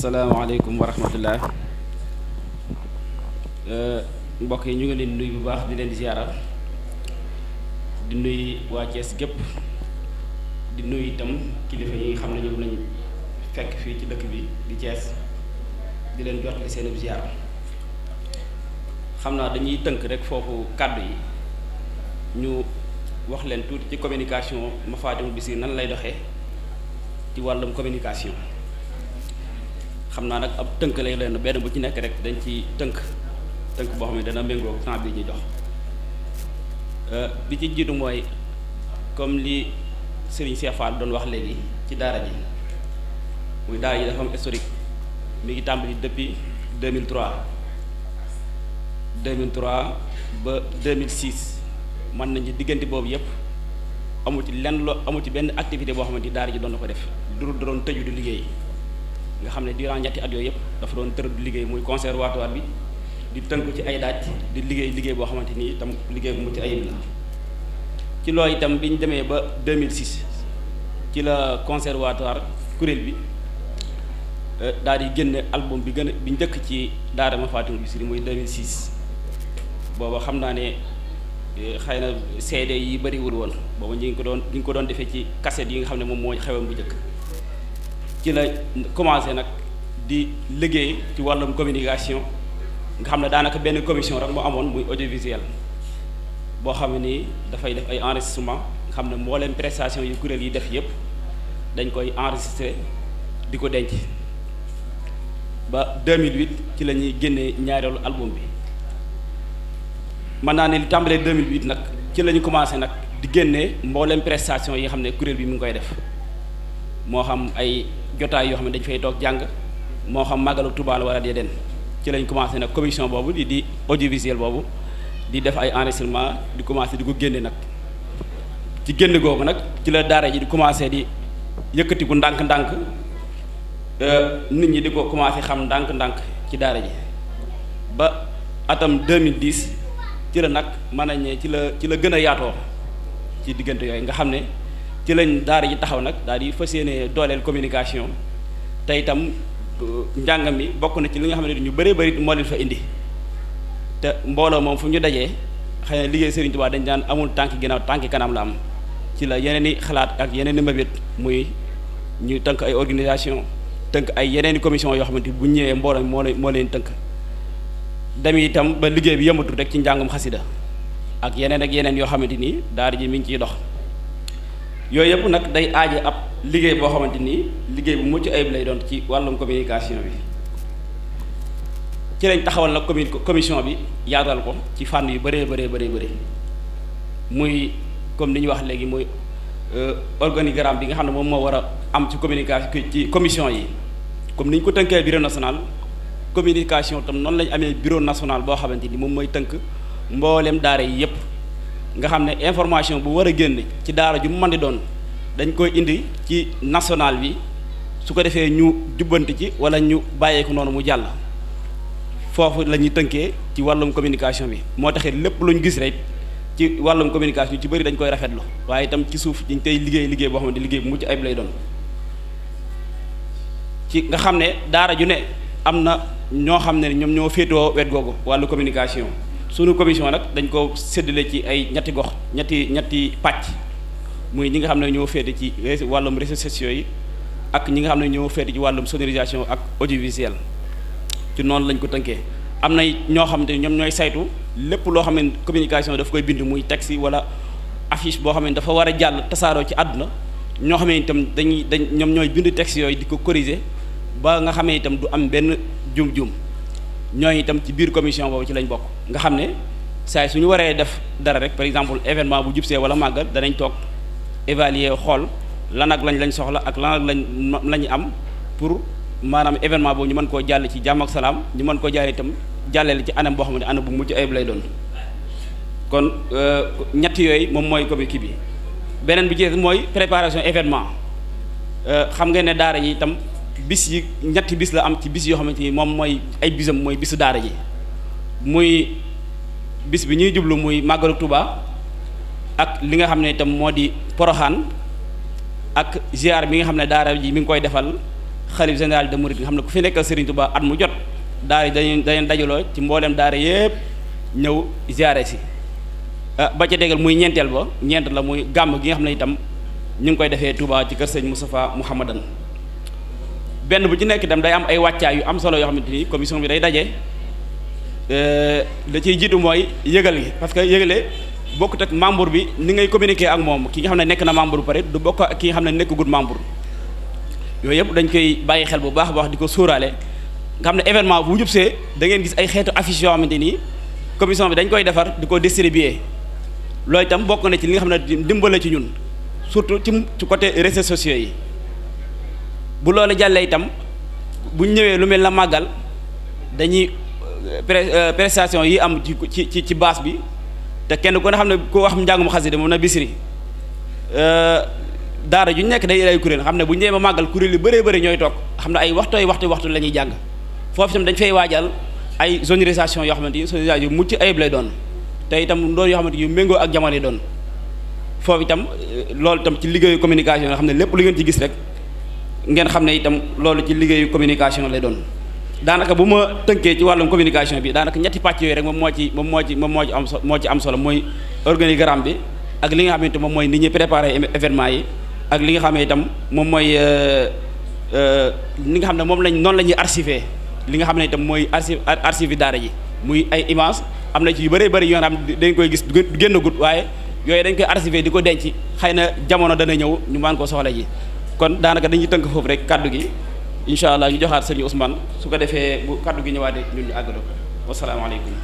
asalaamaaleykum wa rahmatullah euh, mbokk yi ñu ngi leen nuyu bu baax di leen ziyaara di nuyu waa Cees gépp di nuyu itam kilifa yi xam ne ñoom lañ fekk fii ci dëkk bi di jees di leen jot li seenub ziyaara xam naa dañuy tënk rek foofu kàddu yi ñu wax leen tuuti ci communication Mafatihul Bichri nan lay doxee ci wàllum communication xam naa nag ab tënk lay leen benn bu ci nekk rek dañ ci tënk tënk boo xam ne dana méngoo temps bi ñu jox euh, bi ci jiitu mooy comme li Serigne Cheikh Fall doon wax léegi ci daara ji muy daara ji dafa am historique mi ngi tàmbali depuis 2003 2003 ba 2006 mën nañu diggante boobu yépp amu ci lenn loo amu ci benn activité boo xamante ni daara ji doon na ko def du doon tëju di liggéey. nga xam ne durant ñetti at yooyu yëpp dafa doon tër liggéey muy conservatoire bi di tënk ci ay daaj di liggéey liggéey boo xamante ni itam liggéey bu mucc ayib la ci loolu itam bi ñu demee ba 2006 ci la conservatoire kuréel bi euh, daal di génne album bi gën a bi njëkk ci Daara Mafaatihul Bichri muy 2006 booba xam naa ne euh, xay na CD yi bëriwul woon booba ñu ngi ko doon ñu ngi ko doon defee ci cassette yi nga xam ne moom mooy xewoon bu njëkk. ci la commencé nag di liggéey ci wàllum communication nga xam ne daanaka benn commission rek moo amoon muy audiovisuel boo xam ni dafay def ay enregistrement nga xam ne mbooleem prestation yi kuréel yi def yépp dañ koy enregistré di ko denc ba 2008 ci la ñuy génnee ñaareelu album bi man naa ne li tàmbalee 2008 nag ci la ñu commencé nag di génnee mbooleem prestation yi xam ne kuréel bi mu ngi koy def moo xam ay jotaay yoo xam ne dañ fay toog jàng moo xam màggalu war a wala déedéet ci lañ commencé nag commission boobu di di audiovisuel boobu di def ay enregistrement di commencé di ko génne nag ci génn googu nag ci la daara ji di commencé di yëkkati ku ndànk-ndànk nit ñi di ko commencé xam ndànk-ndànk ci daara ji ba atam 2010 ci la nag mën nañ ne ci la ci la gën a yaatoo ci diggante yooyu nga xam ne. ci lañ daar yi taxaw nag daal di fa yéene dooleel communication te itam euh, njàngam mi bokk na ci li nga xam ne ñu bëree bëri moo leen fa indi te mbooloo moom fu ñu dajee xëy na liggéey Serigne Touba dañ daan amul tànk ginnaaw tànk kanam la am ci la yeneen i xalaat ak yeneen i mébét muy ñu tënk ay organisation tënk ay yeneen i commission yoo xamante bu ñëwee mbooloo moo leen moo tënk dem itam ba liggéey bi yëmbatu rek ci njàngum xasida ak yeneen ak yeneen yoo xamante ni daara ji mi ciy dox yooyu yëpp nag day aaje ab liggéey boo xamante ni liggéey bu mucc ayib lay doon ci wàllum communication bi ci lañ taxawal na commune commission bi yaatal ko ci fànn yu bëree bëree bëree bëri muy comme li ñu wax léegi muy euh, organigramme bi nga xam ne moom moo war a am ci communication ci commission yi comme ni ko tënkee bureau national communication tam noonu lañ amee bureau national boo xamante ni moom mooy tënk mboolem daara yi yëpp. nga xam ne information bu war a génn ci daara ju mu mën di doon dañ koy indi ci national bi su ko defee ñu jubbanti ci wala ñu bàyyeeku noonu mu jàll foofu lañuy tënkee ci wàllum communication bi moo taxit lépp lu ñu gis rek ci wàllum communication ci bëri dañ koy rafetlu waaye itam ci suuf dañ tey liggéey liggéey boo xamante liggéey bu mucc ayib lay doon ci nga xam ne daara ju ne am na ñoo xam ne ñoom ñoo féetewoo wet googu wàllu communication sunu commission nag dañ ko séddale ci ay ñetti gox ñetti ñetti pàcc muy ñi nga xam ne ñoo féete ci wàllum réseaux sociaux yi ak ñi nga xam ne ñoo féete ci wàllum sonorisation ak audiovisuel te noonu lañ ko tënkee am na ñoo xam ne ñoom ñooy saytu lépp loo xam ne communication daf koy bind muy taxi wala affiche boo xam ne dafa war a jàll tasaaroo ci àdduna ñoo xam ne itam dañuy dañ ñoom ñooy bind texte yooyu di ko corriger ba nga xamee itam du am benn jum-jum ñooy itam ci biir commission boobu ci lañ bokk nga xam ne saa ñu waree def dara rek par exemple événement bu jubsee wala màggal danañ toog évaluer xool lan ak lañ lañ soxla ak lan ak lañ lañ am pour maanaam événement boobu ñu mën koo jàll ci jàmm ak salaam ñu mën koo jàll itam ci anam boo xam ne anam bu mucc ayib lay doon kon euh, ñett yooyu moom mooy comité bi beneen bi ci mooy préparation événement euh, xam nga ne daara yi itam. bis yi ñetti bis la am ci bis yoo xamante ni moom mooy ay bisam mooy bisu daara ji muy bis bi ñuy jublu muy màggalu tubaa ak li nga xam ne itam moo di poroxaan ak ziar bi nga xam ne daara ji mi ngi koy defal xalif général de Mouride nga xam ne ku fi nekkal Serigne tubaa at mu jot daara yi dañuy dañuy dajaloo ci mbooleem daara yëpp ñëw ziare si ah, ba ca déggal muy ñeenteel ba ñeent la muy gàmm gi nga xam ne itam ñu ngi koy defee Touba ci kër sëñ Moustapha Mouhamadan benn bu ci nekk itam day am ay wàccaay yu am solo yoo xamante ni commission bi day daje euh, da ciy jiitu mooy yëgal gi parce que yëgale bokkut ak membre bi ni ngay communiquer ak moom ki nga xam ne nekk na membre bu pare du bokk ak ki nga xam ne nekkagul membre yooyu yëpp dañ koy bàyyi xel bu baax a baax di ko suuraale nga xam ne événement bu jub see da gis ay xeetu affice yoo xamante ni commission bi dañ koy defar di ko distribuer loolu itam bokk na ci li nga xam ne dimbale ci ñun surtout ci ci côté réseaux sociaux yi. bu loolu jàllee itam bu ñëwee lu mel na màggal dañuy euh, euh, prestation yi am ci ci ci baas bi te kenn ku ne xam ne ku wax njàngum xasida moom na bisiri euh, daara ju nekk day ay kuréel xam ne bu ñu demee màggal kuréel yu bëree bëri ñooy toog xam ne ay waxtooy waxtu waxtu la ñuy jàng foofu itam dañ fay waajal ay sonorisation yoo xamante ni sonorisation yu mucc ayib lay doon te itam doon yoo xamante yu méngoo ak jamono yi doon foofu itam loolu itam ci liggéeyu communication yoo xam ne lépp lu ngeen ci gis rek ngeen xam ne itam loolu ci liggéeyu communication lay doon daanaka bu ma tënkee ci wàllum communication bi daanaka ñetti pàcc yooyu rek moom moo ci moom moo ci moom moo ci am moo ci am solo mooy organigramme bi ak li nga xamante moom mooy ni ñuy préparer événement yi ak li nga xam ne itam moom mooy euh, euh, li nga xam ne moom lañ noon la ñuy archiver li nga xam ne itam mooy archive archive daara ji muy ay image am na ci yu bëree bëri yoon am dañ koy gis du génn gut waaye yooyu dañ koy archiver di ko denc xëy na jamono dana ñëw ñu mën ko soxla ji kon daanaka dañuy tënk foofu rek kaddu gi incha allah ñu joxaat sëñ Ousmane su ko defee bu kaddu gi ñëwaatee ñun ñu àggaloo ko wasalaamaaleykum.